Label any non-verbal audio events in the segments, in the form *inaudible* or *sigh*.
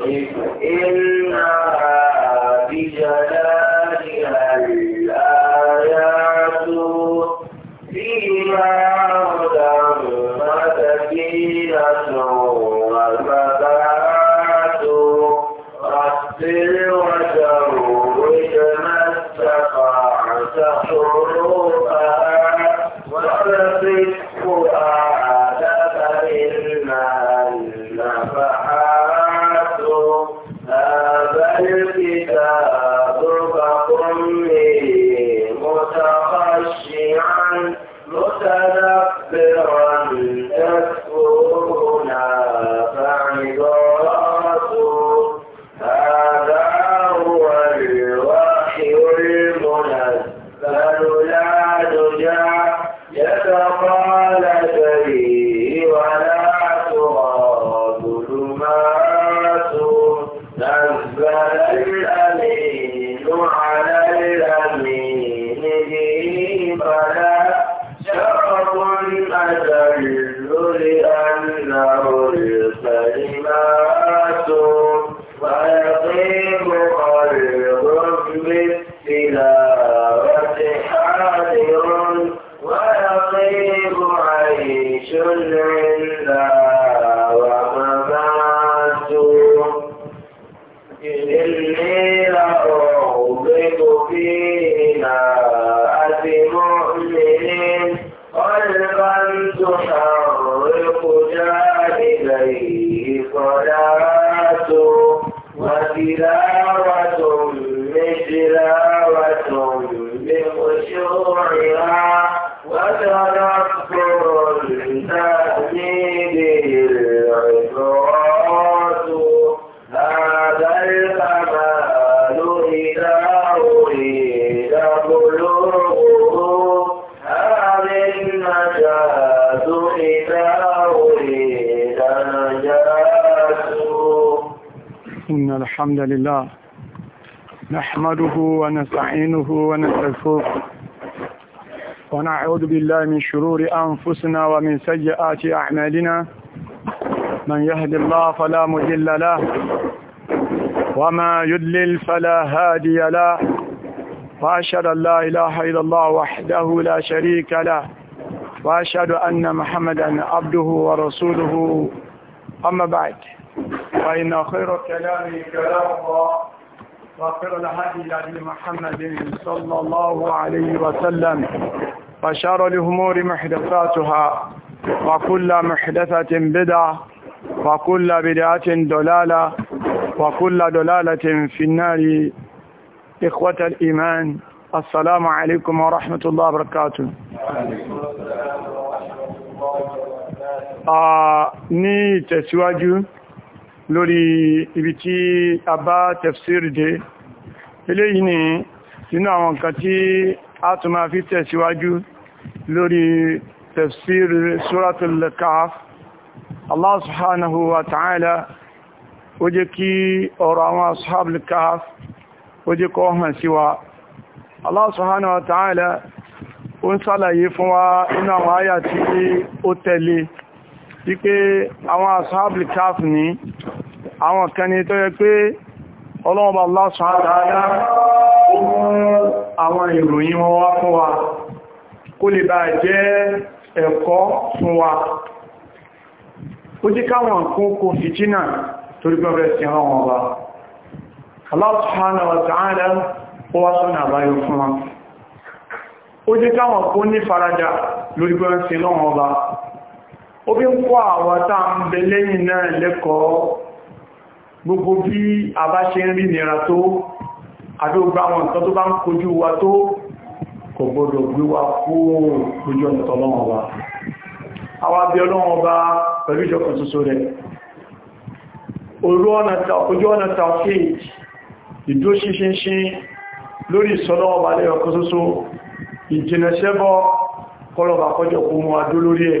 إنا بجلال نحمده ونستعينه ونستغفره ونعوذ بالله من شرور أنفسنا ومن سيئات أعمالنا من يهد الله فلا مضل له وما يدلل فلا هادي له وأشهد أن لا إله إلا الله وحده لا شريك له وأشهد أن محمدا عبده ورسوله أما بعد فإن خير الكلام كلام الله واغفر لهدي لأبي محمد صلى الله عليه وسلم وشار الأمور محدثاتها وكل محدثة بدعة وكل بدعة دلالة وكل دلالة في النار إخوة الإيمان السلام عليكم ورحمة الله وبركاته آه ني تسواجه lórí ibi tí a bá tẹ̀fsìrì dé eléyìí ni nínú àwọn nǹkan tí a tún máa fi tẹ̀síwájú lórí tẹ̀fsìrì suratul Kahf Allah subhanahu wa ta'ala ó jẹ́ kí ọ̀rọ̀ àwọn ashabul Kahf ó jẹ́ kó hàn sí wa Allah subhanahu ó ń sálàyé fún wa inú àwọn àyà tí ó tẹ̀lé wípé àwọn asáàbì káf ní àwọn kan ní tó yẹ pé ọlọ́ọ̀bà Allah subhanahu wa ta'ala àwọn ìròyìn wọn wá fún wa kó lè bá jẹ́ ẹ̀kọ́ fún wa ó jí káwọn kún kò fi jìnà torí gbọ́bẹ̀ ó wá káwọn kún ní faraja lórí gbọ́bẹ̀ sí lọ́wọ́ ọba ó bí ń kọ́ àwọn tá ń bẹ lẹ́yìn náà lẹ́kọ̀ọ́ gbogbo bí a bá ṣe ń rí nira tó àdógbà àwọn nǹkan tó bá ń kojú wa tó kò gbọdọ̀ gbé wa kó lójú ojú ọ̀nà tàfíì kọlọ̀bà kọjọ kó mú adó lórí ẹ̀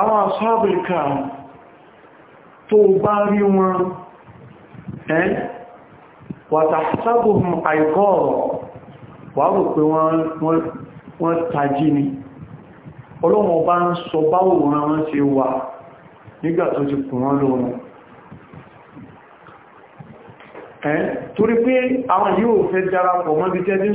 àwọn asáàbìkà tó bá rí wọn ẹ́n wàtàkùsábùn àìkọ́ọ̀rọ̀ wà rò pé wọ́n tají ni ọlọ́wọ́n bá ń sọ báwò wọn wọ́n ṣe wà nígbà tó ti kùn wọ́n lóòrùn torí pé àwọn yíò fẹ́ darapọ̀ mọ́bí tẹ́dín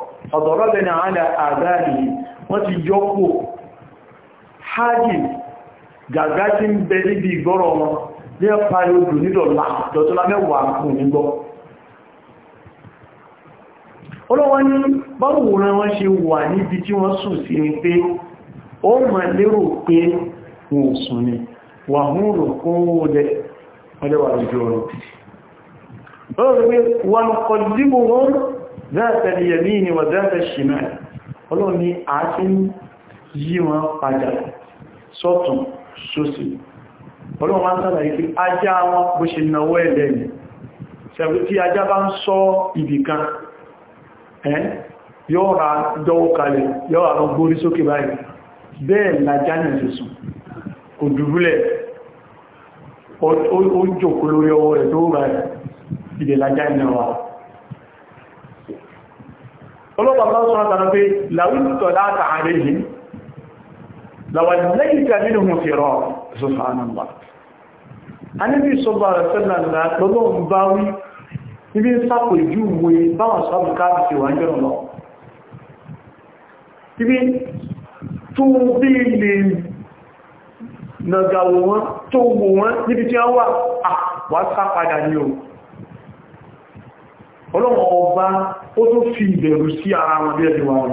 ọ̀dọ̀rọ̀bẹ̀nà àádà àdáàrí wọ́n ti yọ́kò hajji gàgá tí ń bẹ níbi ìgbọ́rọ̀ wọn ní ọparí odò nídọ̀lá dọ̀tọ́lá mẹ́wàá nígbọ́ ní báwòrán wọ́n ṣe wà níbi tí wọ́n sùn sí ni pé ó mọ̀ lérò pé wọn sùn ni wà hún rò kún dẹ ذات اليمين وذات الشمال Ọlọ́run ni a ti ń yí wọn padà sọ́tún sósì Ọlọ́run wọ́n sára ìfẹ́ ajá wọn bó ṣe náwó ẹ̀lẹ́ ni ṣẹ̀rù tí ajá bá ń sọ ibìkan ẹ́n yóò ra dọ́wọ́ kalẹ̀ yóò ra gbórí sókè báyìí bẹ́ẹ̀ lájá ní ẹ̀sùn kò dùbúlẹ̀ ó jòkó ọlọ́pàá bá sọ́rọ̀ tàbí pé láwùtọ̀ láta ààrẹ yìí làwàlẹ́yìnkà nínú fèrọ ṣùfàánàmbà a níbi sọ́bà rẹ̀sẹ́lẹ̀lá lọ́lọ́run bá wí níbi sápò ìjúwe báwọn sábùká àti wà ń jẹ́ lọ ibi tó bí ilé nàgàwò wọn tó wò wọn níbi tí wọ́n wà wá sápadà ní o ọlọ́run ọba ó tó fi ìbẹ̀rù sí ara wọn bí ẹ̀dùn wọn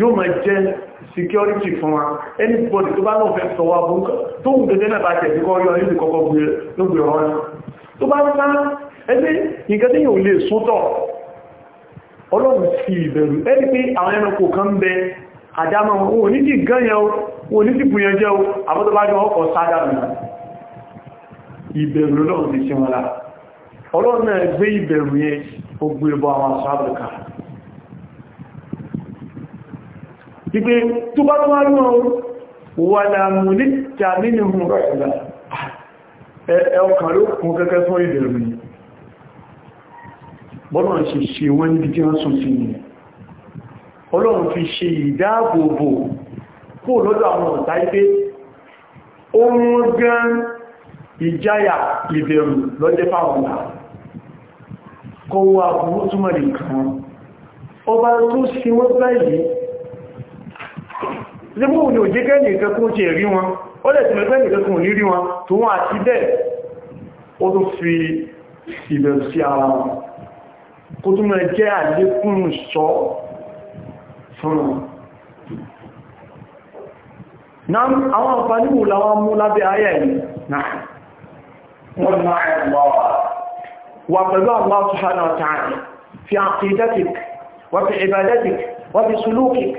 yóò máa jẹ́ security fún wa anybody tó bá náà fẹ́ sọ wá búrúkọ tó ń gẹ́gẹ́ náà bá jẹ̀ sí kọ́ yọ ilé kọ́kọ́ gbé ọ̀rọ̀ tó bá ń sá ẹgbẹ́ nǹkan tí yóò lè sótọ̀ ọlọ́run sí ìbẹ̀rù ẹni pé àwọn ẹranko kan bẹ àdámọ́ wọn ò ní sí gányàn wọn ò ní sí bùyànjẹ́ àwọn tó bá jọ ọkọ̀ sádà ìbẹ̀rù lọ́run ti ṣe wọn lára ọlọ́run náà gbé ìbẹ̀rù yẹn ó gbé bọ́ àwọn sáàbùkà ìgbé tó bá tó wá ní ọrún wà láàmù ní jàmí ní ohun rọ̀ṣùlá ẹ ọkàn ló kẹ́kẹ́ fún ìbẹ̀rù yìí bọ́nà ṣe ṣe wọ́n níbi tí wọ́n sùn sí ni ọlọ́run fi ṣe ìdáàbòbò kó lọ́dọ̀ àwọn ọ̀tá ipé ohun gan ìjáyà ìbẹ̀rù lọ́jẹ́ fáwọn náà kọwọ́ àbúrú túnmọ̀ lè kàn ọba tó sí wọ́n báyìí lébò ní òjégẹ́ nìkan kún ti rí wọn ó lẹ̀ tìmẹ̀gbẹ́ nìkan kún ní rí wọn tó wọ́n àti bẹ́ẹ̀ ó tó fi ìbẹ̀rù sí ara wọn kó tó jẹ́ àlékún sọ fún wọn náà àwọn àǹfààní wò mú lábẹ́ ayẹ́ yìí náà wọ́n máa ẹ̀rọ وقضاء الله سبحانه وتعالى في عقيدتك وفي عبادتك وفي سلوكك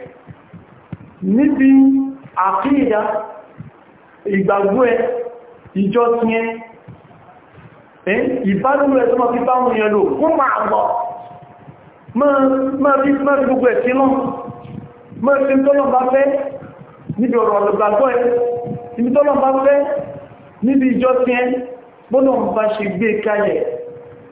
níbi àkídà ìgbàgbọ́ ẹ ìjọsìn ẹ ìbálòrò ẹ tó máa fi bá mú yẹn lò fún máa lọ máa fi gbogbo ẹ̀sìn náà máa fi tọ́lọ̀ bá fẹ́ níbi ọ̀rọ̀ ọ̀lọ̀gbàgbọ́ ẹ níbi tọ́lọ̀ bá fẹ́ níbi ìjọsìn ẹ bọ́nà bá ṣe gbé kalẹ̀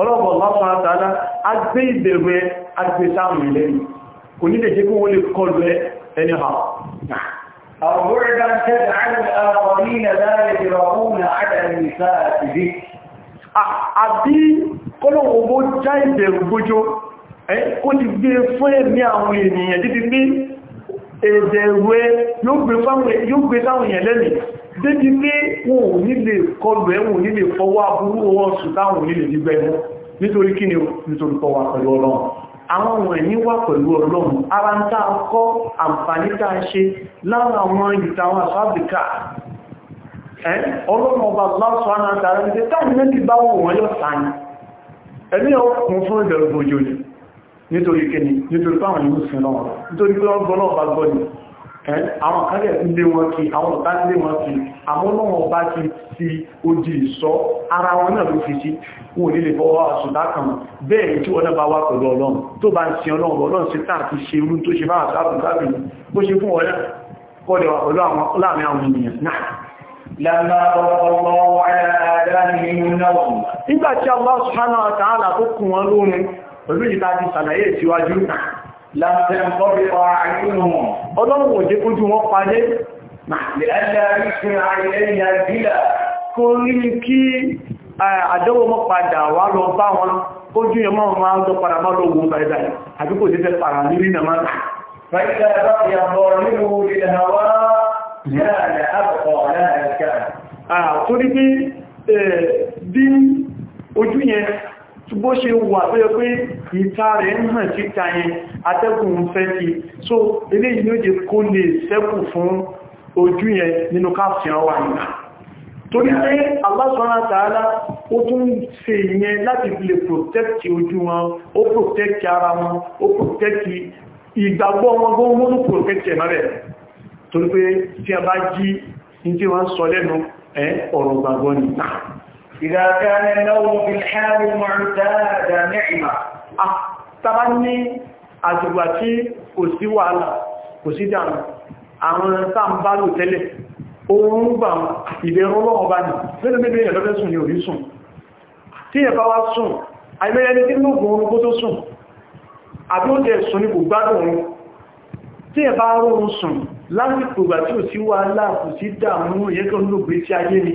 ọlọ́pọ̀ lọ́pọ̀ àtàlá a gbé ìbẹ̀rẹ̀ agbẹ̀sáàmù lẹ́nu kò ní lè jẹ́ kí wọ́n lè kọlu ẹ ẹni ha àbí kọ́lọ̀wọ̀gbọ́ já ìbẹ̀rù gbójó kó ti gbé fún ẹ̀mí àwọn ènìyàn títí èdè ìwé yóò gbé sáwọn èèyàn lẹ́nì débi pé wọn ò nílè kọlù ẹ̀wọ̀n nílè fọwọ́ aburú ọwọ́ sùtáwọn nílè gbígbẹ́ ẹ̀mọ́ nítorí kí ni nítorí fọwọ́ pẹ̀lú ọlọ́run àwọn ọmọ ẹ̀ní wà pẹ̀lú ọlọ́run ara ń tàà kọ́ àǹfààní tàà ṣe láwọn àwọn ìtàwọn àfábíkà ọlọ́run ọba lásán àtàrà ní tẹ́ nítorí kíni nítorí pàwọn ìlú sí lọ́wọ́ nítorí pé ọgbọ́n náà bá gbọ́ ni àwọn kálẹ̀ ń lé wọn kí àwọn ọ̀tá ń lé wọn kí àmúnáwọn bá ti ti ojì ìṣọ́ ara wọn náà ló fi sí wọn ò nílè fọwọ́ àṣùdá kan bẹ́ẹ̀ tí wọ́n náà bá wá pẹ̀lú ọlọ́run tó bá ń sin ọlọ́run ọlọ́run sí táà Allah subhanahu wa ta'ala kùn wọn lórin pẹ̀lú ìta ti sàlàyé síwájú láàrín Ojú ẹmọ́ ọmọ àwọn padà máa lọ ogun bàìdà àti kò títẹ́ pàrà ní rínà máa. Fẹ́kẹ́ bá fi àbọ̀ nínú ilẹ̀ àwọ́ láàrẹ àpọ̀ láàrẹ káà. Àà torí bí ojú yẹn bó ṣe wà tó yẹ pé ìta rẹ̀ ń hàn síta yẹn atẹ́kùn ń fẹ́ ti so ilé ìlú jẹ kó lè sẹ́kù fún ojú yẹn nínú káàkiri wà nìyà torí pé Allah subhanahu wa ta'ala ó tún ṣe ìyẹn láti lè protect ojú wọn ó protect ara wọn ó protect ìgbàgbọ́ wọn gbọ́n mọ́nú protect ẹ̀ mọ́rẹ̀ torí pé tí a bá jí ní tí wọ́n sọ lẹ́nu ẹ̀ ọ̀rọ̀ gbàgbọ́ nìyà إذا كان النوم في الحال المعتادة نعمة تبني àtìgbàtí kò sí wàhálà kò sí dànù àwọn tàbálò tẹ́lẹ̀ oòrùn gbà ìbẹ̀rún lọ́wọ́ bá ní nínú bíbí ẹ̀ lọ́fẹ́ sùn ní orí sùn tí ẹ̀bá wá sùn àìmẹ́rẹ́ ní nínú oòrùn kó tó sùn àbí ó jẹ́ sùn ní kò gbádùn oòrùn tí ẹ̀bá oòrùn sùn lásìkò gbà tí ò sí wàhálà kò sí dànù yẹ́kọ́ nínú gbé sí ayé ni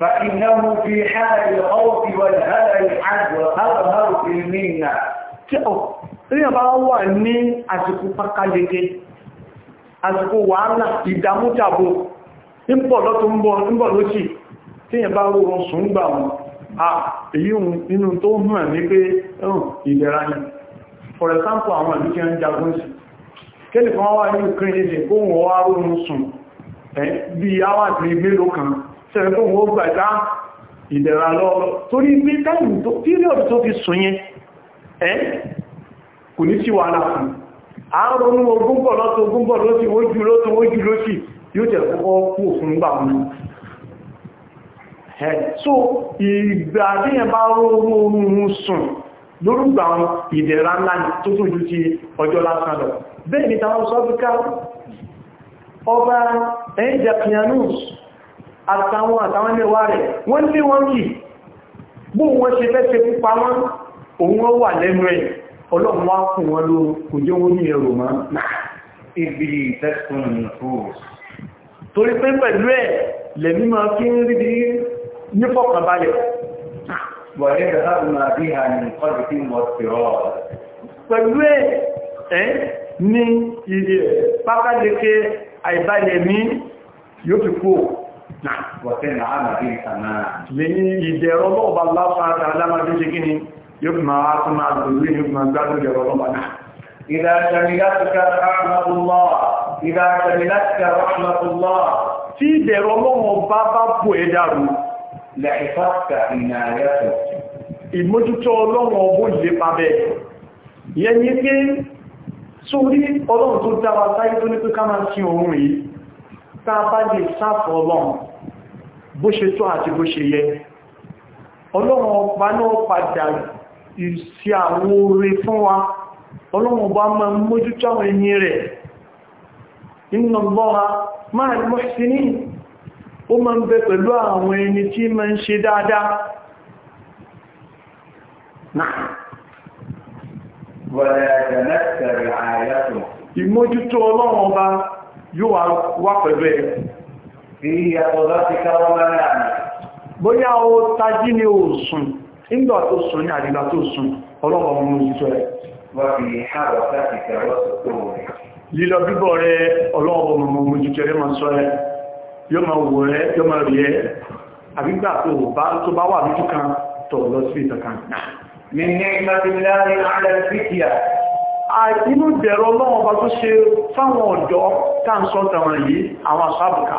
فإنه في حال الخوف والهلع عنه أظهر في المنة Ríyàn bá wà ní àsìkò pákàlẹ́gẹ́, àsìkò wàhálà ìdámújàbò, nípọ̀ lọ́tún ń bọ̀ níbọ̀ lóṣì, tíyàn bá rọrùn sùn gbà wọn, à èyí nínú tó hàn ní pé ẹ̀rùn ìlera ni. For example, àwọn àdúkẹ́ ń jagun sẹ́rẹ̀kọ́ wọ́n gbàgbá ìdẹ̀ra lọ torí pé táìmù tó píríọ̀dù tó fi sùn ẹ́ kò ní sí wàhálà fún àárọ̀nú ogúnbọ̀ lọ́tọ̀ ogúnbọ̀ lọ́sí ojú lọ́tọ̀ ojú lọ́sí yóò tẹ̀ kọ́kọ́ kú òfin gbà mú pianos àtàwọn àtàwọn mẹ́wàá rẹ̀ wọ́n lé wọ́n kì bó wọ́n ṣe fẹ́ ṣe púpa wọn òun wọ́n wà lẹ́nu ẹ̀ ọlọ́run wá fún wọn ló kò jẹ́ wọ́n ní ẹrù mọ́ ibi ìtẹ́kùn torí pé pẹ̀lú ẹ̀ lẹ̀mí máa fi ń rí ní fọkànbalẹ̀ yóò fi kó Lẹ́yìn ìdẹ̀rọ lọ́ọ̀bá lápáta alámàdé ṣe kí ni yóò fi máa tún máa gbogbo ní ọmọ gbádùn ìdẹ̀rọ lọ́ọ̀bá náà. Ìdá ṣàmìlátìká rahmatullah, ìdá ṣàmìlátìká rahmatullah, tí ìdẹ̀rọ lọ́wọ́ bá bá bò ẹ dàrú, lẹ́ẹ̀fàkà ìnàyàtọ̀. Ìmójútó ọlọ́wọ́ bó lè pa bẹ́ẹ̀. Yẹn ni pé sórí ọlọ́run tó dáwà sáyé tó ní pé ká máa ṣe òun yìí, tá a bá lè sáfọ́ ọlọ́run bó ṣe tó àti bó ṣe yẹ ọlọ́run ọba náà padà ìsí àwọn oore fún wa ọlọ́run ọba máa mójútó àwọn ẹni rẹ̀ inna Allaha ma'al muhsinin ó máa ń bẹ pẹ̀lú àwọn ẹni tí máa ń ṣe dáadáa Ìmójútó ọlọ́run ọba yóò wá pẹ̀lú ẹ̀ bí ìyàtọ̀ láti káwọ́ lára àmì bóyá ó tají ní ó sùn nígbà tó sùn ní àdìgbà tó sùn ọlọ́pàá mú ìjọ rẹ̀ lílọ bíbọ̀ rẹ̀ ọlọ́pàá mú ìjọ rẹ̀ máa sọ rẹ̀ yóò máa wò rẹ̀ yóò máa rí ẹ́ àbígbà tó bá wà lójú kan tọ̀ lọ sí ìtàkàn inú dẹ̀rọ lọ́wọ́ bá tó ṣe fáwọn ọ̀dọ́ tàǹsọ́ tàwọn yìí àwọn àṣàbùkà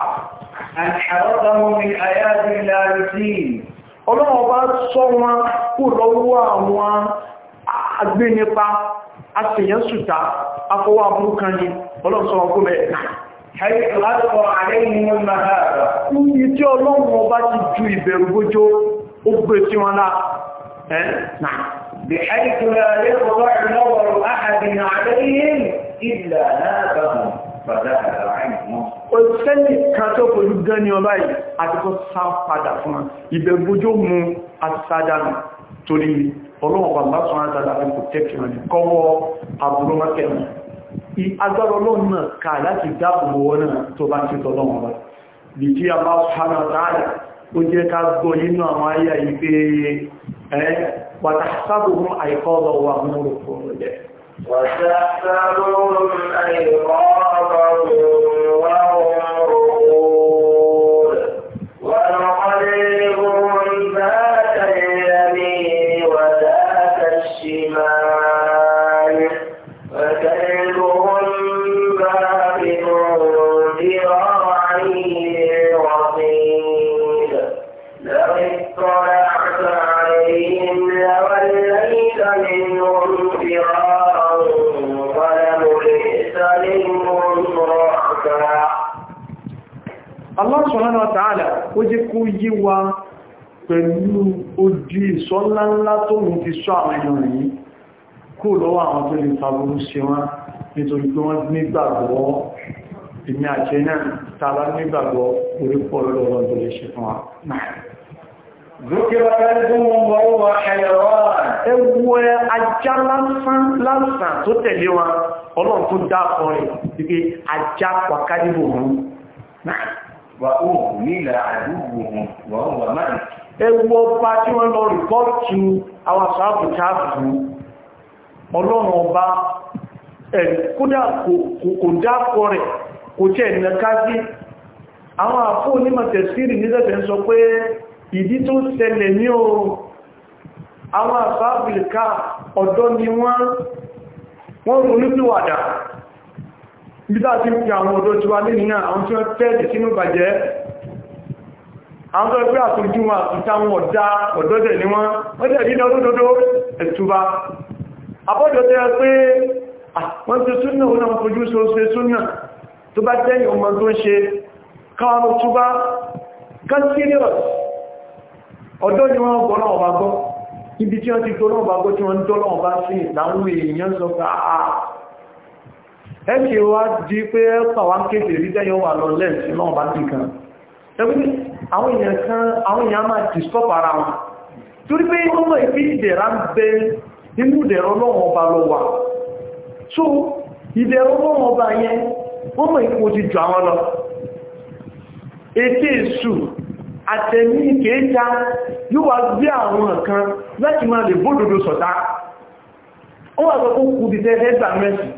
ọlọ́wọ́ bá sọ wọn kú lọ́wọ́ àwọn agbénipa aṣèyànsùta afọwọ́ abúrúkan ni ọlọ́sọ́ ọkú mẹ́ Níbi tí ọlọ́run ọba ti ju ìbẹ̀rù gbójó, ó gbé sí wọn láà. Ẹ́ náà. بحيث لا يخضع نظر أحد عليهم إلا نابهم فذهب عنهم Òṣèlú kan tó kò gẹ́ ní ọlá yìí àti kó sá padà fún wọn. Ìbẹ̀gbójó mú àti sádánù torí ọlọ́wọ̀n bàbá sọ àti àdàbí kò tẹ́kìrì rẹ̀ kọwọ́ àbúrú mọ́kẹ̀mù. Agbára ọlọ́run náà ká láti dáàbò wọn náà وتحسبهم أيقاظا وهم يقولون وتحسبهم أيقاظا وهم jẹ́ kó yé wa pẹ̀lú odi ìṣọ́ ńláńlá tó ń ti sọ àwọn èèyàn yìí kó lọ́wọ́ àwọn tó lè fàbúrú sí wọn nítorí pé wọ́n nígbàgbọ́ ìní àjẹ́ náà tààrà nígbàgbọ́ orí pọ̀ lọ́wọ́ tó lè ṣe fún wa Dókèrè ẹgbùn wọ́n wà ẹ̀rọ ẹwọ́ ajá lásán tó tẹ̀lé wọn, ọlọ́run tó dá ọ̀rẹ́, ìpé ajá pàkádìbò wọn. Náà. ewu ọba tí wọ́n lọ rìpọ́tù àwọn sàábùtàbù ọlọ́run ọba kódà kò dákọ rẹ̀ kò jẹ́ ìnàká sí àwọn àfó onímọ̀ tẹ̀sírì nílẹ̀tẹ̀ ń sọ pé ìdí tó ṣẹlẹ̀ ní o àwọn sàábùtàbù ọ̀dọ́ ni wọ́n ronú pìwàdà nígbà tí ń fi àwọn ọ̀dọ́ tí wá lè nínú àwọn tí wọ́n tẹ́ẹ̀dì sínú bàjẹ́ àwọn tó pé àtújú wọn àtútáwọn ọ̀dá ọ̀dọ́dẹ̀ ni wọ́n wọ́n tẹ̀ nínú olódodo ẹ̀tùbá àbọ́dọ̀ tẹ́ pé wọ́n ti súnà wọn náà fojú sóòsẹ́ súnà tó bá tẹ́yìn ọmọ tó ń ṣe káwọn túbá kánsílíọ̀s ọ̀dọ́ ni wọ́n gbọ́ náà ọba gbọ́ ibi tí wọ́n ti tó náà ọba ẹ̀kì wá di pé ẹ́pà wá kéfè rí tẹ́yọ wà lọ lẹ́ẹ̀sì náà bá ti kan ẹgbẹ́ àwọn èèyàn kan àwọn èèyàn máa disturb ara wọn torí pé ọmọ ìfí ìdẹ̀ra ń bẹ inú ìdẹ̀rọ lọ́wọ́ ọba lọ wà so ìdẹ̀rọ lọ́wọ́ ọba yẹn ọmọ ìpò ti jù àwọn lọ ètè èsù àtẹ̀mí ìkéta yóò wá gbé àwọn kan láti máa lè bódòdó sọ̀tá ó wà sọ fún kùdìtẹ́ ẹgbà mẹ́sìn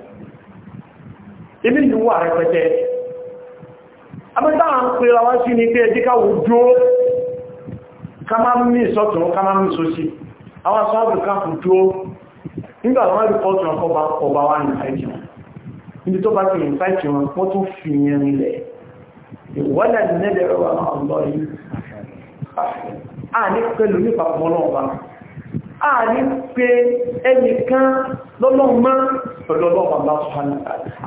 ilé ìlú wà rẹpẹtẹ abẹ́ta à ń pèrà wá sí ní pé ẹjíkáwò dúó ká má mí sọ́tún ká má mí wujo àwọn sọ́ọ̀bù káàkù dúó nígbà wọ́n rí pọ́tún ọkọ̀ọba wà ní àìjì wọn níbi tó bá ti rìn fáìtì wọn wọ́n tún fi yẹn rinlẹ̀ ààrí pé ẹnìkan lọ́lọ́mọ́ pẹ̀lú ọlọ́pàá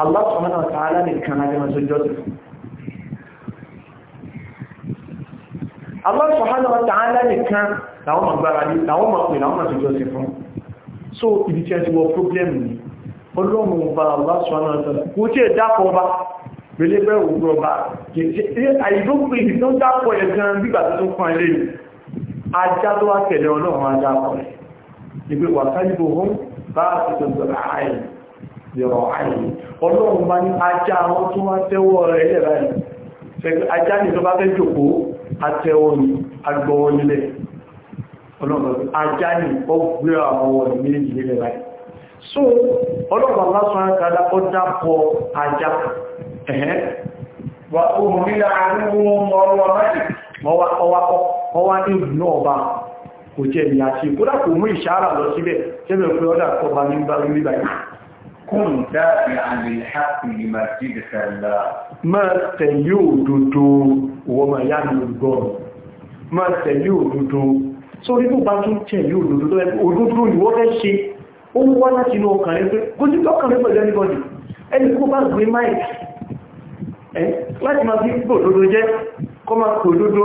Allah subhanahu wa ta'ala nìkan lágbẹ́mọ̀ tó jọ́ Allah subhanahu wa ta'ala nìkan láwọn agbára ní láwọn mọ̀pẹ̀ láwọn mọ̀ tó jọ́ sí fún so ibi tí a ti wọ problem ni ọlọ́run ba Allah subhanahu wa ta'ala kò tí ẹ dákọ̀ bá pẹ̀lẹ́pẹ̀ òwúrọ̀ bá àìdókùn ìdí tó dákọ̀ ẹ̀gan gbígbà tó fún ẹlẹ́yìn ajá tó wá tẹ̀lé ọlọ́run ajá kọ̀ rẹ̀ ìgbé wà sáyébò hún bá ìtọ̀tọ̀rọ̀ àáyì yọ̀rọ̀ àáyì ọlọ́run bá ní ajá wọn tó wá tẹ́wọ́ rẹ̀ ilẹ̀ báyìí ajá ní tó bá fẹ́ jòkó atẹ́wọ́ ni agbọ́wọ́ nílẹ̀ ọlọ́run ajá ní ó gbé àwọn ìmìlẹ̀ ìlẹ̀ báyìí so ọlọ́run lásán àtàdá ó dápọ̀ ajá ẹ̀hẹ́ wà ó mọ̀ nílẹ̀ àrùn ọwọ́ ọwọ́ ọwọ́ ọwọ́ kò jẹ́ ìyà àti ìkódà kò mú ìṣàrà lọ síbẹ̀ tẹ́bẹ̀ pé ọ́dà kọba ní bá rí báyìí kún dáàbì àlèhàpì ní màjídìkàlá máa tẹ̀lé òdodo wọ́n máa yá ní ọgbọ́n máa tẹ̀lé òdodo sórí tó bá tún tẹ̀lé òdodo tó ẹgbẹ́ òdodo ni wọ́n fẹ́ ṣe ó wá láti inú ọkàn rẹ pé kó sí lọ́kàn rẹ pẹ̀lú ẹnìbọ̀dì ẹni kó bá gbé máìkì láti máa fi gbòdodo jẹ́ kọ́ máa gbòdodo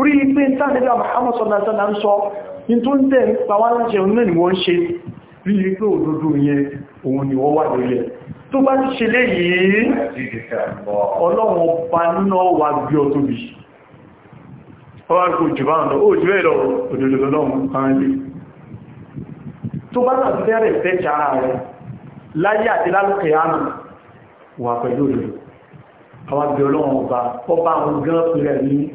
orí pé sáàdẹ́gbà Muhammad sọ́nà sọ́nà ń sọ ní tó ń tẹ́ pàwọn aláṣẹ òun ni wọ́n ṣe rí pé òdodo yẹn òun ni wọ́n wà lórí tó bá ti ṣe léyìí ọlọ́run ọba náà wà bí ọ tóbi ọwọ́n jù bá ń lọ ó jù ẹ̀lọ òdòdó lọ́wọ́n kan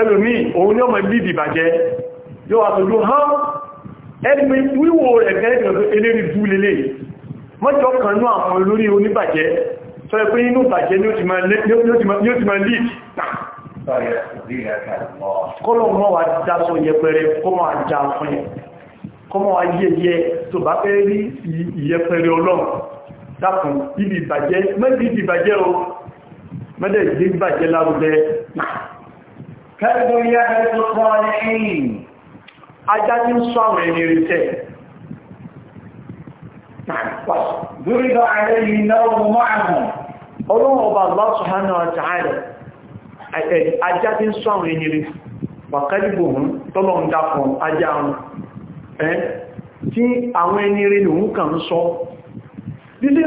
ẹlòmí òun ní ọmọ ibi ìdìbàjẹ́ yóò àtòjú hán ẹgbẹ́ wíwò rẹ̀ gẹ́gẹ́ eléri bú lélẹ̀ mọ́jọ kan ní àwọn olórí oníbàjẹ́ sọ pé inú bàjẹ́ ni ó ti máa lead kọ́lọ̀ mọ́ wà dásọ yẹpẹrẹ kọ́mọ́ àjá fún yẹ kọ́mọ́ ayẹyẹ tó bá fẹ́ rí ìyẹpẹrẹ ọlọ́run dákùn ibi ìbàjẹ́ mẹ́bí ìbàjẹ́ o mẹ́dẹ̀ ìgbàjẹ́ lárúgbẹ́ náà kẹ́rẹ́dọ̀ yẹ́ ẹ̀rẹ́ tó ẹ̀yìn ajá tí ń sọ àwọn ẹni rí tẹ́ ààrẹ yìí náà mọ́ àmọ̀, ọlọ́run ọba Allah subhanahu wa ta'ala, ajá tí ń sọ àwọn ẹni rí, wàkálìbò hún, tọ́lọ̀ ń dápọ̀ ajá tí àwọn ẹni rí ní kàn ń sọ. Dídé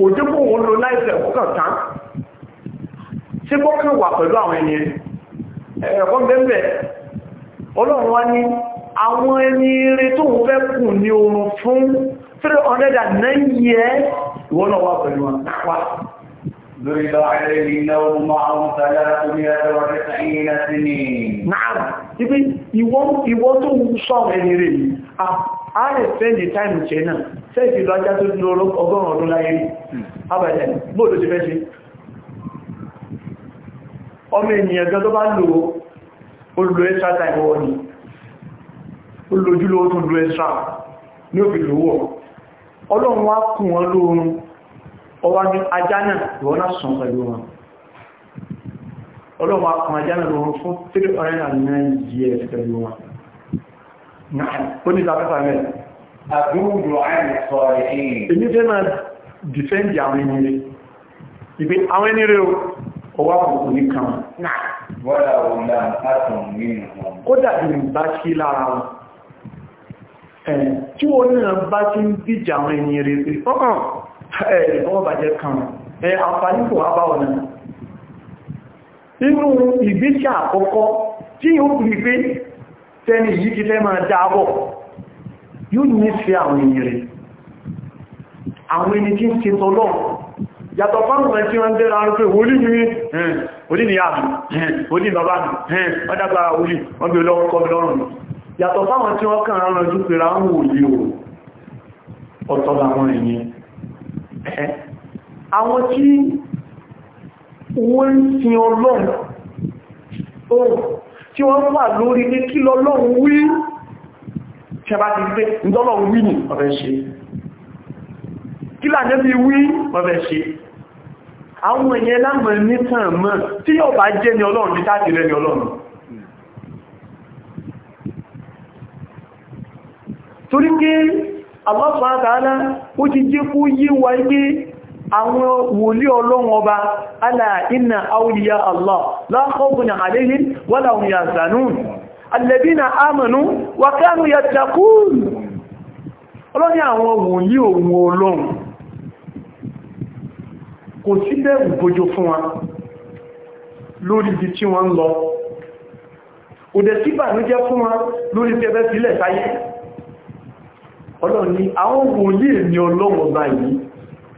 kò dé kó òun lo láìsẹ̀ kọ́kàn tán ṣé kọ́kàn wà pẹ̀lú àwọn ẹni ẹ̀kọ́ bẹ́ẹ̀ ọlọ́run wá ní àwọn ẹni eré tó ń fẹ́ kù ní oorun fún 309 years ìwọ́n wà pẹ̀lú wọn náà ضرب عليه النوم معه ثلاثمائة وتسعين A spend the time ṣe náà sẹ́ẹ̀kì lọ ajá tó ní ọgọ́rùn ọdún láyé rí abẹ̀lẹ̀ bóòdó ti fẹ́ ṣe ọmọ ènìyàn gan tó bá lò olùlò extra time wọ́n ni olùlójúlò ó lò extra ní òfin lówó ọlọ́run wá kùn wọn lóorun ọwá ní ajá náà ìwọ́n náà years pẹ̀lú wọn ó ní ìtàkẹ́ta rẹ̀ àdúgbò àìsọ̀ ẹ̀yìn èmi fẹ́ máa dìfẹ́ndì àwọn ẹni rẹ̀ ìpé àwọn ẹni rẹ̀ ọwá kòkò ní kan wọ́la ọ̀la látùn nínú wọn ó dàbí bá sí lára wọn tí ó náà bá sí ń díjà àwọn ẹni rẹ̀ pé ọkàn ẹ̀ẹ̀dẹ̀fọ́wọ́ bàjẹ́ kan ẹ̀ àǹfààní kò wá bá ọ̀nà inú ìgbésẹ̀ àkọ́kọ́ tí ó rí tẹ́ni yìí kí fẹ́ máa dáàbọ̀ yóò ní fẹ́ àwọn ènìyàn rẹ̀ àwọn ẹni tí ń ṣe tọ́lọ́ yàtọ̀ fáwọn ẹ̀ tí wọ́n dẹ́ra ń pè wòlí ní wòlí ní àmì wòlí bàbá mi ọdágbára wòlí wọ́n bí olówó kọ́ lọ́rùn yàtọ̀ fáwọn tí wọ́n kàn rán ojú pèrà ń wòlí o ọ̀tọ̀ tí wọ́n wà lórí pé kí lọ́lọ́run wí tí a bá ti pé ìdọ́lọ́run wí ní ọ̀fẹ́ ṣe kí lànẹ́ bí wí ọ̀fẹ́ ṣe àwọn èèyàn lámọ̀ ní tàn mọ́ tí yóò bá jẹ́ ní ọlọ́run bí táàkì rẹ̀ ní ọlọ́run torí pé Allah subhanahu wa ta'ala ó ti jẹ́ kó yé àwọn wòlí ọlọ́run ọba ala inna awliya Allah la khawfun alayhim wala hum yahzanun alladhina amanu wa kanu yattaqun ọlọ́ni àwọn wòlí òun ọlọ́run kò sí bẹ̀rù gbójò fún wa lórí ibi tí wọ́n ń lọ òdẹ̀ sí bànújẹ́ fún wa lórí tẹ́bẹ́ sílẹ̀ sáyé ọlọ́ni àwọn wòlí èmi ọlọ́run ọba yìí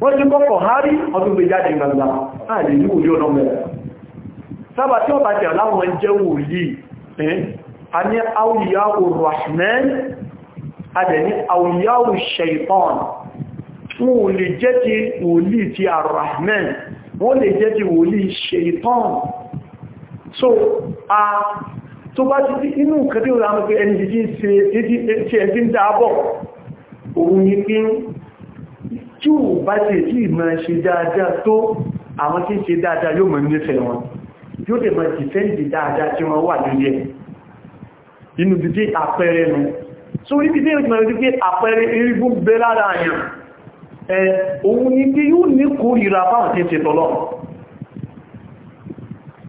wọ́n ti kọ́kọ̀ hárí ọdún gbé jáde gbangba ààrẹ ní ojú ọ̀nà mẹ́rẹ̀ sábà tí ọba jẹ́ láwọn jẹ́ wòlí a ní àwòyá Rahman a dẹ̀ ní àwòyá Shaitan wọ́n lè jẹ́ ti wòlí ti Rahman wọ́n lè jẹ́ ti wòlí Shaitan so a tó bá ti tí inú kẹtí òlànà pé ẹni tí ò bá ti tí ìmọ̀ ṣe dáadáa tó àwọn tí ń ṣe dáadáa yóò mọ̀ nífẹ̀ẹ́ wọn yóò dẹ̀ mọ̀ dìfẹ́ǹdì dáadáa tí wọ́n wà lórí ẹ̀ inú dídé àpẹẹrẹ nu so orí dídé ìmọ̀ rí àpẹẹrẹ irúgbó bẹ́ lára àyàn òun ni pé yóò ní kó ìra fáwọn tí ń ṣe tọ́lọ́run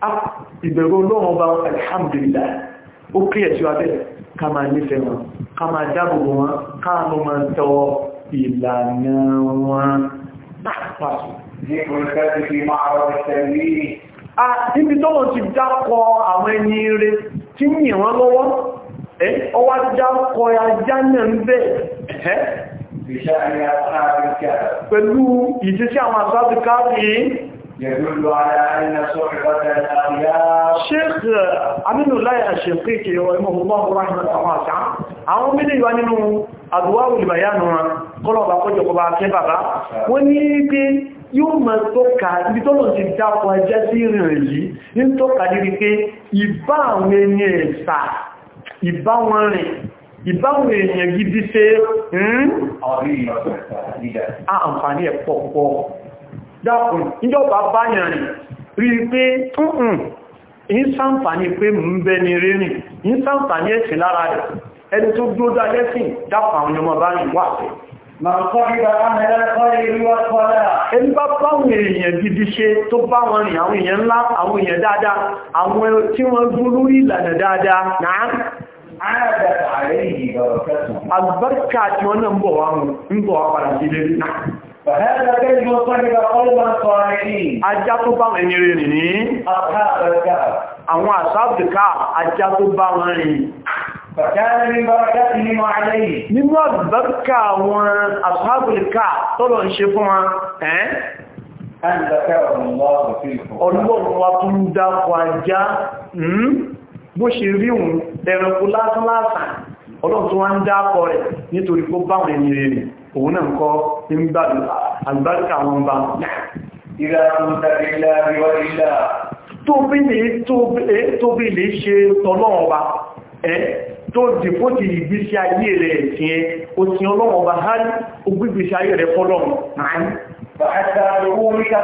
Ah, ìbẹ̀rù ọlọ́run ọba alhamdulillah ó kíyẹ̀ sí abẹ́ ká máa nífẹ̀ẹ́ wọn ká máa dábòbò wọn ká mọ́ máa tọ ìlànà wọn pàṣẹ. Ah, níbi tọ́wọ́ ti dákọ̀ àwọn ẹni rẹ̀ tí ń yìn wọ́n lọ́wọ́ ọwá dákọ̀ ajá náà ń bẹ̀ pẹ̀lú ìṣẹ́sí àwọn àṣáàbíkà يدل على أن صحبة الأخيار شيخ أمين الله الشنقيطي رحمه الله رحمة واسعة àwọn mílì wá nínú àdúwáwò ìbàyánu wọn kọ́lọ̀bà kọjọ kọba akẹ́ bàbá wọ́n ní pé yóò mọ̀ tó ká ibi tó lọ́n ti dápọ̀ ẹjẹ́ sí ìrìn yìí ní tó ká níbi pé ìbá àwọn ẹni ẹ̀sà ìbá wọn rìn ìbá àwọn èèyàn gidi ṣe hmm? ń àǹfààní ẹ̀pọ̀ pọ̀ dákùn níjọba báyàn rí pé ǹkan ní sáǹfàní pé mú bẹ́ ni rírìn ní sáǹfàní ẹ̀sìn lára rẹ̀ ẹni tó dúró dájẹ́ sí dápà àwọn ọmọ báyìí wà pẹ̀ ẹni bá báwọn èèyàn gidi ṣe tó bá wọn rìn àwọn èèyàn ńlá àwọn èèyàn dáadáa àwọn tí wọ́n gbó lórí ìlànà dáadáa náà àgbàkà tí wọ́n náà ń bọ̀ wá mú ń bọ̀ wá padà sí lérí náà فهذا كلب صاحب قوما صالحين ajá tó bá wọn ẹnire rìn ní àwọn àṣàbùkà ajá tó bá wọn rìn nínú àbẹ́kà àwọn àṣàbùkà tọ́lọ̀ ń ṣe fún wọn ẹ́ ọlọ́run wa tún dákọ̀ ajá hm? bó ṣe rí òun ẹranko lásán lásán ọlọ́run tó wá ń dákọ̀ rẹ̀ nítorí kó bá wọn ẹnire òun náà kọ́ tí ń bá àgbáríkà wọn bá tó bí lè ṣe tọ́lọ́wọ́ bá ẹ́ tó dìbò ti ìgbésí ayé rẹ̀ tí ẹ o ti ọlọ́wọ́ bá há ní ogbígbésí ayé rẹ̀ fọ́lọ́wọ́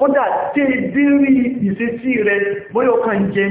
kódà tí ìdírí ìsẹ́sí rẹ̀ bóyọ́ kan jẹ́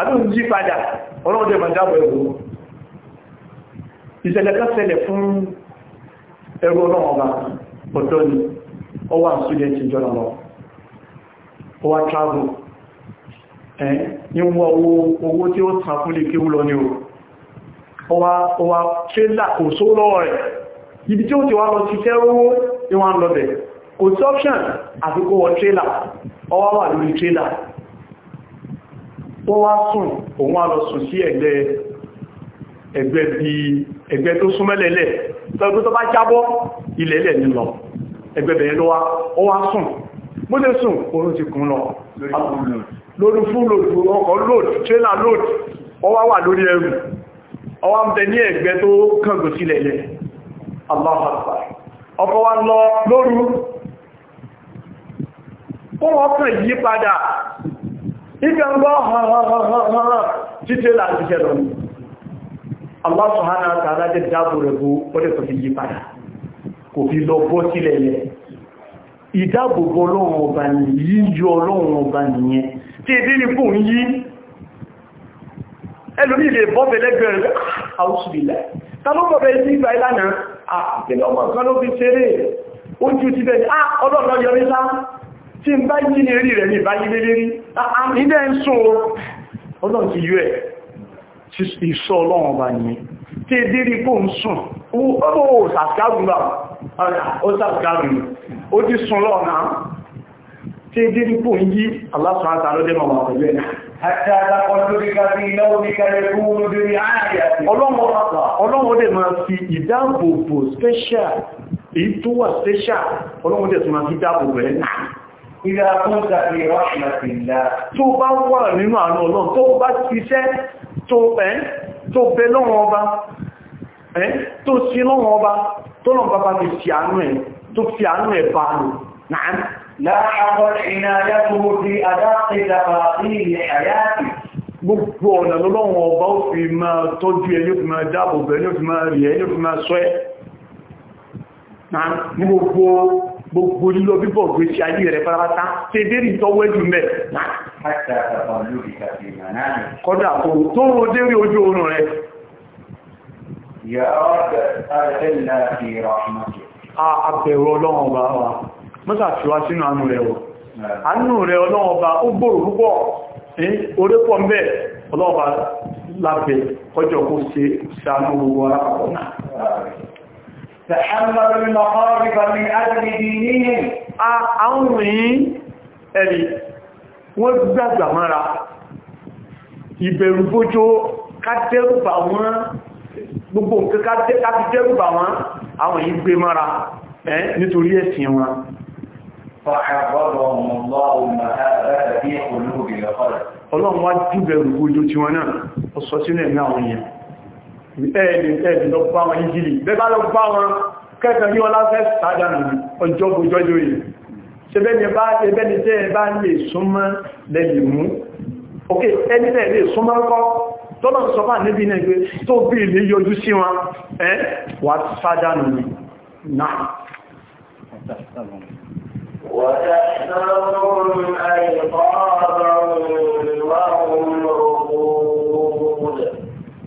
àdúrà jí padà ọlọ́run jẹ́ màjábọ̀ ìṣẹ̀lẹ̀ kan ṣẹlẹ̀ fún ẹ̀rọ ọlọ́run ọba ọ̀dọ́ ni ó wà student lọ ó travel ẹ̀ ní wọ́n owó tí ó tàn fún lè kéwú lọ ní o trailer kò ibi tí ó ó wá sùn òun wá lọ sùn sí ẹ̀gbẹ́ ẹ̀gbẹ́ bí ẹ̀gbẹ́ tó súnmẹ́lẹ̀lẹ̀ lọ́gbẹ́ tó bá jábọ́ ilẹ̀lẹ̀ nílọ ẹ̀gbẹ́ bẹ̀rẹ̀ ló wá ó wá sùn bó lè sùn oòrùn ti kún lọ lórí fún lòdù ọkọ̀ lòdù trailer lòdù ó wá wà lórí ẹrù ó wá ń bẹ ní ẹ̀gbẹ́ tó kàngò sílẹ̀lẹ̀ ọkọ̀ wa lọ lóru ó wọ́n kàn yí padà ha ha ha ha ha, títí láti jẹ́lọ ní Allah subhanahu wa ta'ala jẹ́ dáàbò rẹ̀ bó ọdẹ́ kò fi yí padà kò fi lọ bọ́ sílẹ̀ yẹ ìdáàbòbò ọlọ́run ọba nìyí yíyọ ọlọ́run ọba nìyẹn tí èdè ní kò ń yí ẹlòmí ilẹ̀ bọ́bẹ̀lẹ́gbẹ̀rẹ̀ rẹ̀ àwùsùlẹ̀ ah, tàbí ìgbà ìlànà àpẹẹlẹ ah, ọmọ kan ló fi ṣeré ojú ti bẹ̀rẹ̀ ah ọlọ́run yọrí sáà tí ń bá yí lérí rẹ̀ ní ìbáyí lérí ilẹ̀ ń sún ọlọ́run ti yú ẹ̀ ìṣọ́ ọlọ́run ọba ní tí ìdírí kó ń sùn ọmọ òsàkárùn-ún ó ti sùn lọ́nà tí ìdírí kó ń yí aláṣọ́ àtàlọ́dẹ́ mọ̀ Ọlọ́run ọdẹ máa fi ìdáàbòbò special, èyí tó wà special, ọlọ́run ọdẹ tó máa fi dáàbòbò ẹ̀ náà ìrẹ́ àkóńtà fi rọ́ṣìnàtìlá tó bá wà nínú àánú ọlọ́run tó bá ṣiṣẹ́ tó bẹ lọ́wọ́ ọba tó sí lọ́wọ́ ọba tó lọ gbogbo ọ̀nà lọ́wọ́ ọba ó fi máa tọ́jú ẹ yóò máa dáàbò bẹ̀ yóò fi máa rí ẹ yóò máa sọ ẹ́ ní gbogbo gbogbo lílọ bíbọ̀ gbé sí ayé rẹ̀ pátápátá ṣe dérí ìtọ́wọ́ ẹ̀dù mẹ́ kọ́dà kò tó ro dérí ojú oorun rẹ̀ àbẹ̀rọ ọlọ́run ọba wa mọ́sà tí wá sínú àánú rẹ̀ wọ̀ àánú rẹ̀ ọlọ́run ọba ó gbòrò púpọ̀ ní orékọ̀ mẹ́ ọlọ́run ọba lábẹ́ ọjọ́ kó ṣe ṣàánú gbogbo arápapọ̀ náà تحمل المقارب من أجل دينهم àwọn yìí ẹ̀rì wọ́n gbàgbà mọ́ra ìbẹ̀rù bójó kátẹ́rùbà wọn gbogbo nǹkan kátẹ́rùbà wọn àwọn yìí gbé mọ́ra ẹ́ nítorí ẹ̀sìn wọn ọlọ́run wá jùbẹ̀rù bójó tí wọn náà ọ̀sọ̀ sínú ẹ̀mí àwọn ẹ̀ẹ́dì lọ bá wọn ìjìlì bẹ́bá lọ bá wọn kẹ́kẹ́ ní ọlá fẹ́ sàádánù ọjọ́ gbogbo yìí ṣebẹ́ni tẹ́ ẹ̀bá lè súnmọ́ lẹ́lì mú ok ẹni tẹ́ lè súnmọ́ kọ́ tọ́lọ̀ sọpá níbi náà pé tó bí ilé yọjú sí wọn ẹ́ wà sàádánù ni náà وَتَحْسَبُهُمْ أَيْقَاظًا وَهُمْ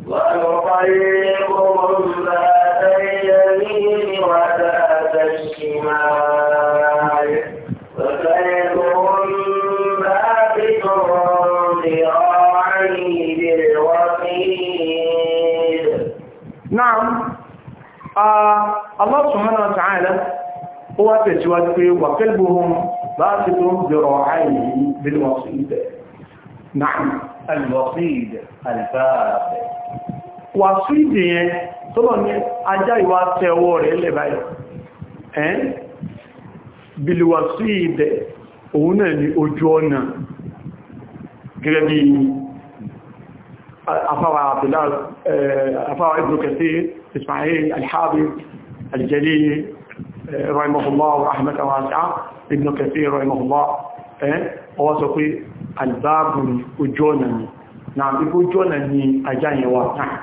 ونطعيكم ذات اليمين وذات الشمال باسط ذراعيه نعم الله سبحانه وتعالى هو تجوز وقلبهم باسط ذراعيه بالوصيد نعم الوصيد الفاقد wà súìdì yẹn tó lọ ní ajá ìwà tẹ ọwọ́ rẹ̀ lẹ̀ báyìí ẹ́n bìlìwà súìdì òun náà ni ojú ọ̀nà gẹ́gẹ́ bí afáwà ibn Kathir Ismail al-Hafiz al-Jalil rahimahullah rahmatan wasi'a ọwọ́ sọ pé albáàbùn ojú ọ̀nà ni na ìbójú ọ̀nà ni ajá yẹn wà náà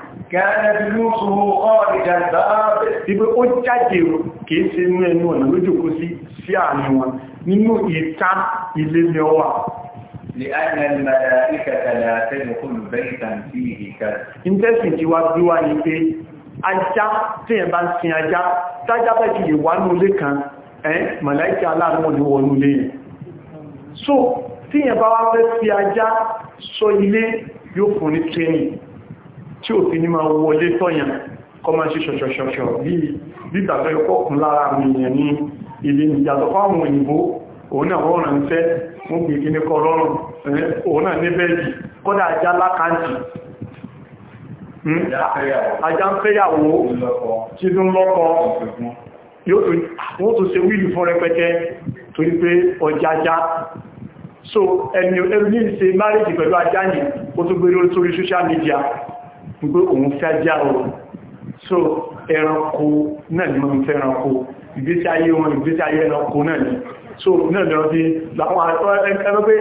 Ibi ó jáde kìí ṣe inú ẹnu ọ̀nà lójú kó sí sí àárín wọn nínú ìta ilé ni ó wà. لأن الملائكة لا تدخل بيتا فيه كذب. Ìntẹ́sìn ti wá bí wá ní pé ajá tí ẹ̀ bá ń sin ajá, tájá bẹ́ ti lè ní olé kan, ẹ́ màláìkà aláàrùn ní wọnú ilé yẹn. So, tí ẹ̀ bá wá fẹ́ fi ajá sọ ilé yóò fún ní training tí ò fi ní máa wọlé tọ́yàn kọ́ máa ṣe ṣọ̀ṣọ̀ṣọ̀ṣọ̀ bí ìtàfẹ́ ọkùn lára àwọn èèyàn ní ilé ìyàtọ̀ fáwọn òyìnbó òun náà wọ́n rán iṣẹ́ wọ́n gbé kí ní kọ lọ́rùn òun náà ní bẹ́ẹ̀dì kọ́dá ajá lákàájì hmm? ajá ń fẹ́yàwó tí tún lọ́kọ wọ́n tún ṣe wíìlù fún rẹpẹtẹ torí pé ọjájá so ẹni ẹni ṣe márìjì pẹ̀lú ajá ní ó tó gbé lórí social media gbé òun fẹ́ ajá o so ẹranko náà ni wọ́n fẹ́ ẹranko ìgbésí ayé wọn ìgbésí ayé ẹranko náà ni so náà lọ sí láwọn ẹgbẹ́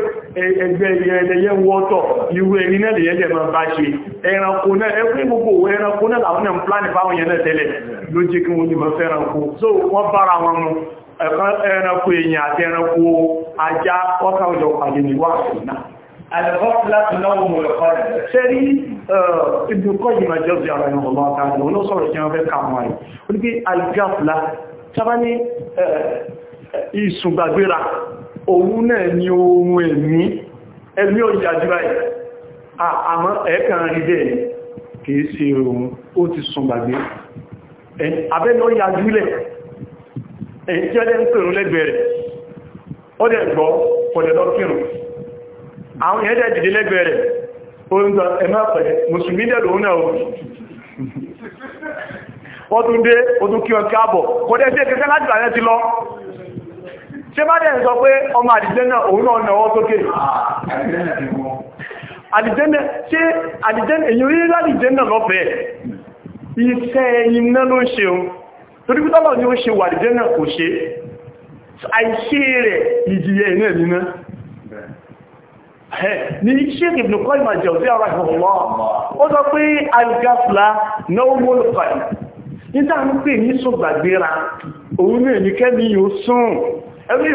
ẹgbẹ́ ẹlẹ́yẹ wọ́tọ̀ irú ẹni náà lèyẹ́ lè máa bá ṣe ẹranko náà ẹgbẹ́ gbogbo ẹranko náà làwọn náà ń pláàni fáwọn yẹn náà tẹ́lẹ̀ ló jẹ́ kí wọ́n ní mọ́ fẹ́ranko so wọ́n bára wọn mú ẹranko èèyàn àti ẹranko ajá ọkà òjò pàdé níwà àṣìná Ṣẹ́rí ibi kọ́ ìgbìmọ̀ jẹ́ ọ̀bí àwọn ọmọ ọ̀tá àwọn olóṣọ̀rọ̀ jẹ́ ọ̀fẹ́ kàmọ̀ ẹ̀. Ó ní bí ni ohun ẹ̀mí, ẹ̀mí ọjà jùlọ ẹ̀. Àmọ́ ẹ̀ẹ́kàn rí bẹ́ẹ̀ kìí ṣe ohun ó èyí tí ọdẹ ń pèrún lẹ́gbẹ̀ẹ́ rẹ̀ ó dẹ̀ gbọ́ pọ̀dẹ̀ lọ́kìrùn àwọn èyí dẹ̀ dìde lẹ́gbẹ̀ẹ́ rẹ̀ ó ń sọ ẹmọ́ pẹ̀lẹ̀ mùsùlùmí dẹ̀ lòun náà wọ́n tún dé ó tún kí ọ káàbọ̀ kọ́dẹ̀ sí ẹkẹ́kẹ́ láti bàrẹ́ ti lọ ṣe bá dẹ̀ sọ pé ọmọ àdìjẹ́ náà òun náà náà sókè àdìjẹ́nà ṣe àdìjẹ́nà èyí orílẹ̀ àdìjẹ́nà lọ́fẹ̀ẹ́ iṣẹ́ iná ló ṣeun torí pé tọ́lọ̀ ni ó ṣe wà dìjẹ́ náà kò ṣe àìṣe rẹ̀ ìjìyẹ iná ìlúná ní sheik ibn qayyim al-jawziyya rahimahullah ó sọ pé al-ghafla nawmul qalb níta ń pè ní sùn gbàgbéra òun náà ní kẹ́lì yóò sùn ẹgbẹ́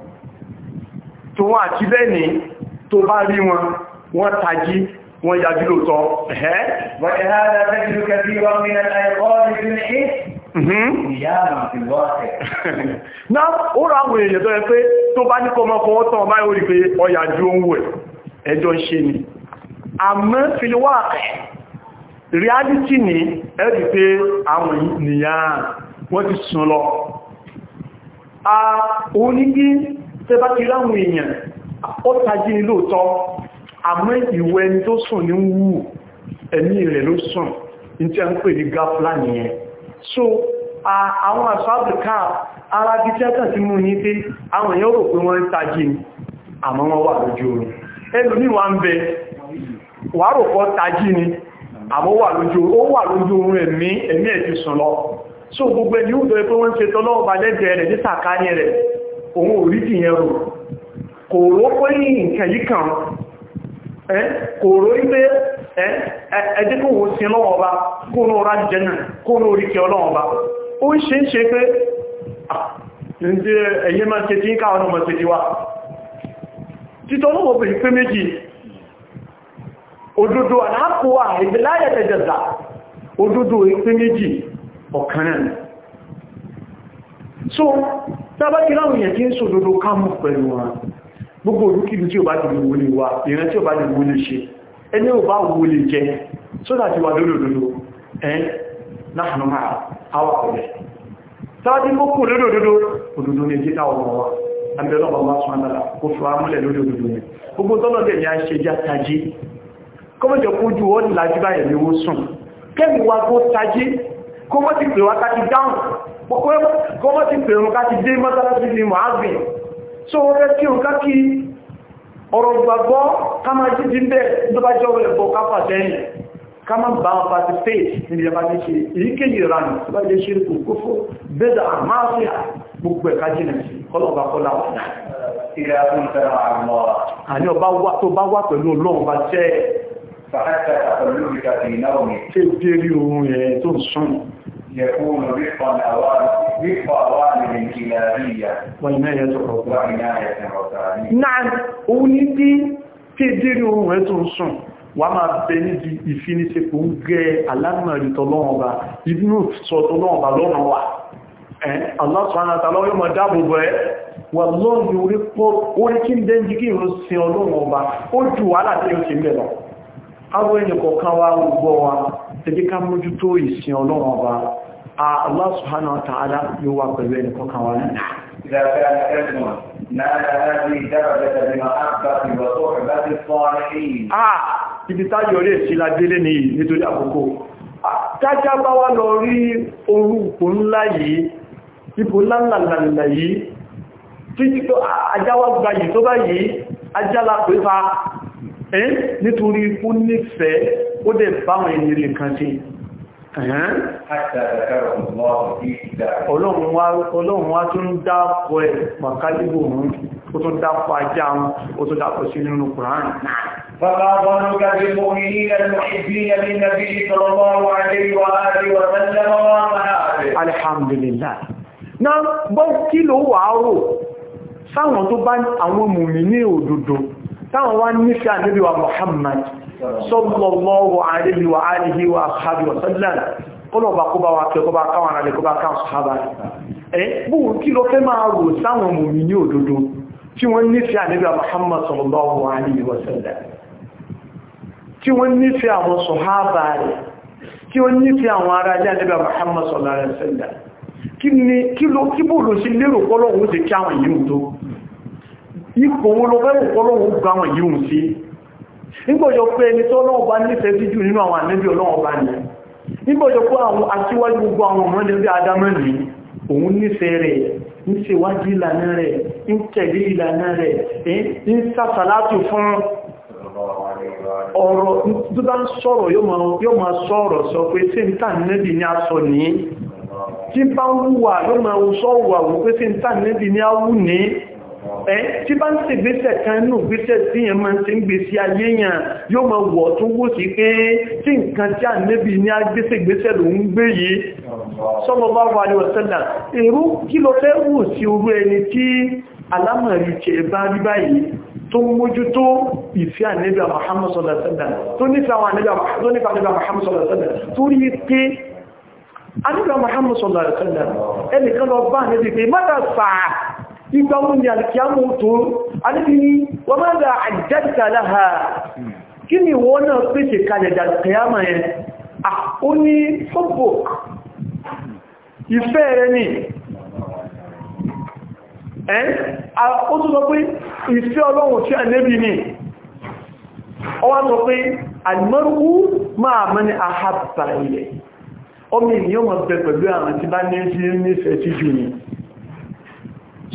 tó wọ́n àti bẹ́ẹ̀ni tó bá rí wọn wọ́n tají wọ́n yàjú lóòtọ́ ẹ̀hẹ́ mhm. *laughs* náà ó rà àwọn èèyàn tó yẹ pé tó bá ní kọmọkọ ọ́tọ̀ báyìí ó rí pé ọyàjú ohun ẹ̀ ẹjọ́ ṣe ni àmọ́ filiwá reality ni ẹ̀rí pé àwọn ènìyàn wọ́n ti sùn lọ a onígbí tẹ bá ti ráhùn èèyàn ó tají ní lóòtọ́ àmọ́ ìwọ ẹni tó sùn ní wú ẹ̀mí rẹ̀ ló sùn ní tí a ń pè ní gáfúlà nìyẹn so àwọn àṣàbìká ara bí tí a kà sí mú ní pé àwọn èèyàn rò pé wọ́n ń tají àmọ́ wọ́n wà lójú oorun ẹlù ní wà ń bẹ wàárò kọ́ tají ni àmọ́ wà lójú ó wà lójú oorun ẹ̀mí ẹ̀mí ẹ̀ ti sùn lọ so gbogbo ẹni ó bẹ̀rẹ̀ pé wọ́n ń ṣe tọ́lọ́ òun ò rí ti yẹn rò kò rò pé nǹkan yìí kàn kò rò pé ẹjẹ́ kò wò sí lọ́wọ́ ọba kó ní ọ̀rá jẹ́nà kó ní orí kí ọlọ́wọ́ ọba ó ń ṣe ń ṣe pé ǹdí ẹ̀yẹ máa ṣe tí ń káwọn ọmọ ṣe títọ́ lọ́wọ́ pé méjì ìpé méjì ọ̀kan náà tàbátí láwọn èèyàn tí ń sọ dodo kámù pẹ̀lú wọn gbogbo olúkìlú tí ó bá dìbò wọlé wà ìran tí ó bá dìbò wọlé ṣe ẹni ò bá wọlé jẹ tó láti wà lódòdó ẹn láàánú máa àwà pẹ̀lẹ̀ tàbátí mọ́kù lódòdó òdòdó ní jíká ọmọ wa abẹ́lọ́pàá máa sún pọ̀pọ̀ gọ́mọ́ ti pèrò ká ti dé mọ́sálásí ní mọ̀hágbìn so rẹ̀ kí o ká kí ọ̀rọ̀ gbàgbọ́ ká máa jíjí ń bẹ́ lọ́bájọ́ rẹ̀ bọ́ kápá sẹ́yìn ká máa bá wọn pàtí faith níbi ẹ̀bá ti ṣe èyíkéyìí ìranù tó bá jẹ́ ṣe kò kófó bẹ́ẹ̀dà àmáàfíà gbogbo ẹ̀ká jìnà sí kọ́lọ̀bá kọ́lá wà náà ilẹ̀ akúntẹ́ àmọ́ àní ọba wà tó bá wà pẹ̀lú ọlọ́run bá jẹ́ fàákà pẹ̀lú ìgbà يكون رفق رفق أوامر كلابية وعناية حكام وعناية حكام نعم أولي kedere ohun ẹ̀ tó ń sùn wà máa bẹ níbi ìfinisepò ń gẹ́ alámàrí tọ́lọ́ọ̀bá ìbínú sọ tọ́lọ́ọ̀bá lọ́nà wà ẹ̀ aláṣọ́nàtà lọ́yọ́ mọ̀ dáàbòbò ẹ̀ wà lọ́nà orí pọ́ orí kí ń dẹ́ndí kí ìrún sin ọlọ́ọ̀bá ó ju wàhálà tí ó ti mẹ́ lọ Allah subhanahu wa ta'ala yóò wà pẹ̀lú ẹni kọkàn wa náà. Ibi táyọ̀ orí ìṣílá délé ní nítorí àkókò. Tájá bá wá lọ rí orúkọ ńlá yìí, ipò lálàlàlà yìí, títí tó ajáwá gbayì tó bá yìí, ajálà pé fa, ẹ́ Ọlọ́run wá tún dápọ̀ ẹ̀ màkálígbò mú, ó tún dápọ̀ ajá wọn, ó tún dápọ̀ sí nínú Kùránì náà. Bàbá Bọ́lúkà bí mú ní ilẹ̀ ìbí ẹni nàbí ìtọ̀lọ́wọ́ àríwá àríwá tẹ́lẹ̀mọ́wọ́ Alhamdulillah. Náà, bọ́ kí ló wà á rò táwọn wá nífẹ́ ànábì wa Muhammad sallallahu alaihi wa alihi wa ashabi wa sallam kọ́lọ̀ bá kó bá wa kẹ́ kó bá káwọn alẹ́ kó bá káwọn sahaba ẹ̀ bú kí ló fẹ́ máa rò sáwọn mòmí ní òdodo tí wọ́n nífẹ́ ànábì wa Muhammad sallallahu alaihi wa Muhammad sallallahu alaihi wa sallam ipò wo ló fẹ́ kọ́ lóhun gba wọn yíò sí nígbòjò pé ẹni tó lọ́wọ́ bá nífẹ̀ẹ́ sí jù nínú àwọn ànẹ́bí ọlọ́wọ́ bá ní nígbòjò pé àwọn aṣíwájú gbogbo àwọn ọmọdé bí adámẹ́rin òun nífẹ̀ẹ́ rẹ̀ ń ṣe wájú ìlànà rẹ̀ ń tẹ̀lé ìlànà rẹ̀ ń sàṣàlátù fún ọ̀rọ̀ tó bá ń sọ̀rọ̀ yóò máa sọ̀rọ̀ sọ pé tí ń tà nẹ́bì ní aṣọ ní tí bá ń wùwà yóò máa sọ̀wà wù pé tí ń tà nẹ́bì ní awú ní ẹ́ tí bá ń ṣe gbésẹ̀ kan nù gbésẹ̀ tí yẹn máa ti ń gbèsè ayé yàn yóò máa wọ̀ tó wó sí pé tí nǹkan tí ànẹ́bì ní agbésẹ̀ gbésẹ̀ ló ń gbé yìí sọ́lọ́bá wà ní ọ̀sẹ́dà èrú kí lọ fẹ́ wù sí orú ẹni tí alámọ̀rí tẹ bá rí báyìí tó mójútó ìfẹ́ ànẹ́bì Muhammad sallallahu alaihi wasallam tó nífẹ́ àwọn ànẹ́bì Muhammad sallallahu alaihi wasallam torí pé ànẹ́bì Muhammad sallallahu alaihi wasallam ẹnìkan lọ bá ànẹ́bì pé mọ́tà sàá ìgbà mú ní alìkíyàmù tó alìbí ní wọ́n máa bá àjẹ́ta láha kí ni wọ́n náà pèsè kalẹ̀ dàlùkíyàmù ẹ̀ ó ní fọ́pọ̀ ìfẹ́ rẹ̀ ni ẹ́ ó tó sọ pé ìfẹ́ ọlọ́run tí a nẹ́bí ni ó wá sọ pé alìmọ́rú máa mọ́ ní àhábà ilẹ̀ ọmọ ènìyàn mọ̀ pẹ̀lú àwọn tí bá ní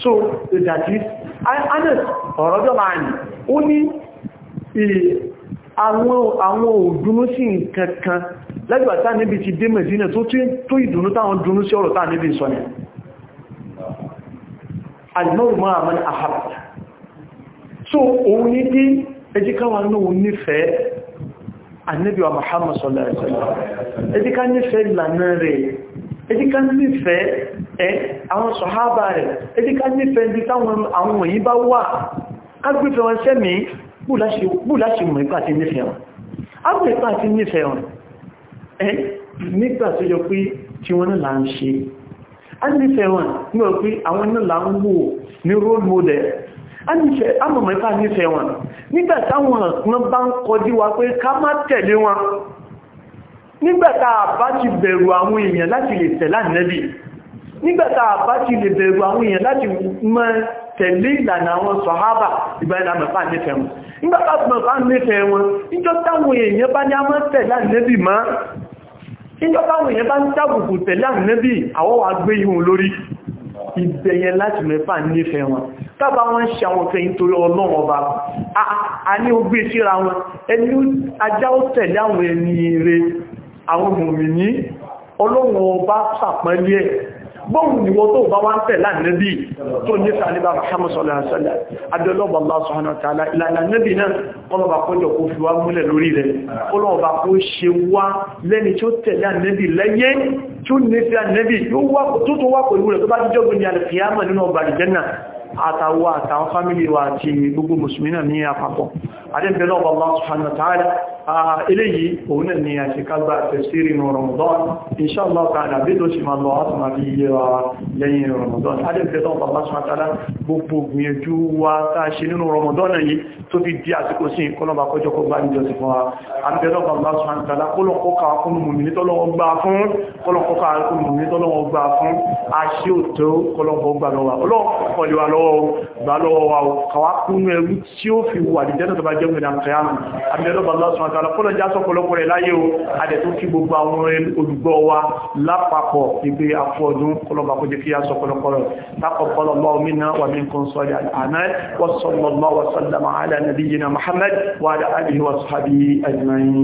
so that is Anas ọ̀rọ̀jọ́ máa ní ó ní àwọn òdúnú sí nǹkan kan lẹ́gbà tá níbi ti dé Mẹ̀dínà tó ìdùnú táwọn dúnú sí ọ̀rọ̀ táà níbi ìsọ́nà alìmọ́rù máa mọ́ àhàbà so òun ní kí ẹjíkáwà náà nífẹ̀ẹ́ Ànábì wa Muhammad sallallahu alaihi wasallam ẹjíká nífẹ̀ẹ́ ìlànà rẹ̀ ẹjíká nífẹ̀ẹ́ ẹ àwọn sọ̀hábà rẹ̀ ẹdí ká nífẹ̀ẹ́ ibi táwọn àwọn èyí bá wà ká gbífẹ́ wọn sẹ́mí búláṣì mọ̀ ipá ti nífẹ̀ẹ́ wọn àwọn ipá ti nífẹ̀ẹ́ wọn ẹ nígbà tó yọ pé tí wọ́n náà ń ṣe a nífẹ̀ẹ́ wọn ní ọ pé àwọn náà ń wò ní role model a nífẹ̀ẹ́ àmọ̀mọ̀ ipá nífẹ̀ẹ́ wọn nígbà táwọn ọ̀sán bá ń kọjú wa pé ká má tẹ̀lé wọn nígbà tá a bá ti bẹ̀rù àwọn èèyàn láti lè tẹ̀lá nẹ́bì nígbàtà àbájì lè bẹ̀rù àwọn èèyàn láti mọ́ tẹ̀lé ìlànà àwọn sọ̀hábà ìgbàlá mẹ́fà nífẹ̀ẹ́ wọn nígbàtà mẹ́fà nífẹ̀ẹ́ wọn níjọ́ táwọn èèyàn bá ní a mọ́ tẹ̀lé ànẹ́bì mọ́ níjọ́ táwọn èèyàn bá ń tàbùkù tẹ̀lé ànẹ́bì àwọ́ ìbẹ̀yẹn láti mẹ́fà nífẹ̀ẹ́ wọn tábà wọn ṣàwọn fẹ́yìn torí ọlọ́run ọba a ní ó gbé síra wọn ẹni ajá ó tẹ̀lé àwọn ẹni rẹ̀ àwọn mòmìnì ọlọ́run ọba sàpẹ́lẹ́ bóhùn ni wọ́n tó bá wá ń tẹ̀ lánàbí tó ní sàlébà Muhammad sallallahu alaihi wasallam adọ́lọ́bà Allah subhanahu wa ta'ala ìlànà nẹ́bì náà ọlọ́bà kọjọ kó fi wá múlẹ̀ lórí rẹ̀ ọlọ́bà kó ṣe wá lẹ́ni tó tẹ̀lé nẹ́bì lẹ́yẹ àtàwọ àtàwọn fámílì wa àti gbogbo mùsùlùmí náà ní àpapọ̀. adẹ́bẹ̀lọ́ Allah subhanahu wa ta'ala eléyìí òun náà ni àṣíkágbà tafsiri ní Ramadan insha Allah ta'ala bí tó ṣe máa lọ átùmà bí iye wa lẹ́yìn Ramadan adẹ́bẹ̀lọ́ Allah subhanahu wa ta'ala gbogbo gbìyànjú wa tá a ṣe nínú Ramadan náà yìí tó fi di àsìkò sí ìkọlọ́bà kọjọ́ kó gbá níjọ sí fún wa adẹ́bẹ̀lọ́ Allah subhanahu wa ta'ala kólọ̀kọ́kà gbàlọ́wọ́ wa o kàwá kúnnú ẹrú tí ó fi wà dìjẹ́ tó bá jẹ́ mìíràn kẹyàmù abẹ́lọ́bà lọ́sùn àtàrà kọ́lọ̀ já sọ́pọ̀lọpọ̀ rẹ̀ láyé o adẹ̀ tó kí gbogbo àwọn olùgbọ́ wa lápapọ̀ ìgbé afọ́dún kọlọ̀bà kó jẹ́ kí a sọ́pọ̀lọpọ̀ rẹ̀ تقبل الله منا ومنكم صالح الأعمال وصلى الله وسلم على نبينا محمد وعلى آله وصحبه أجمعين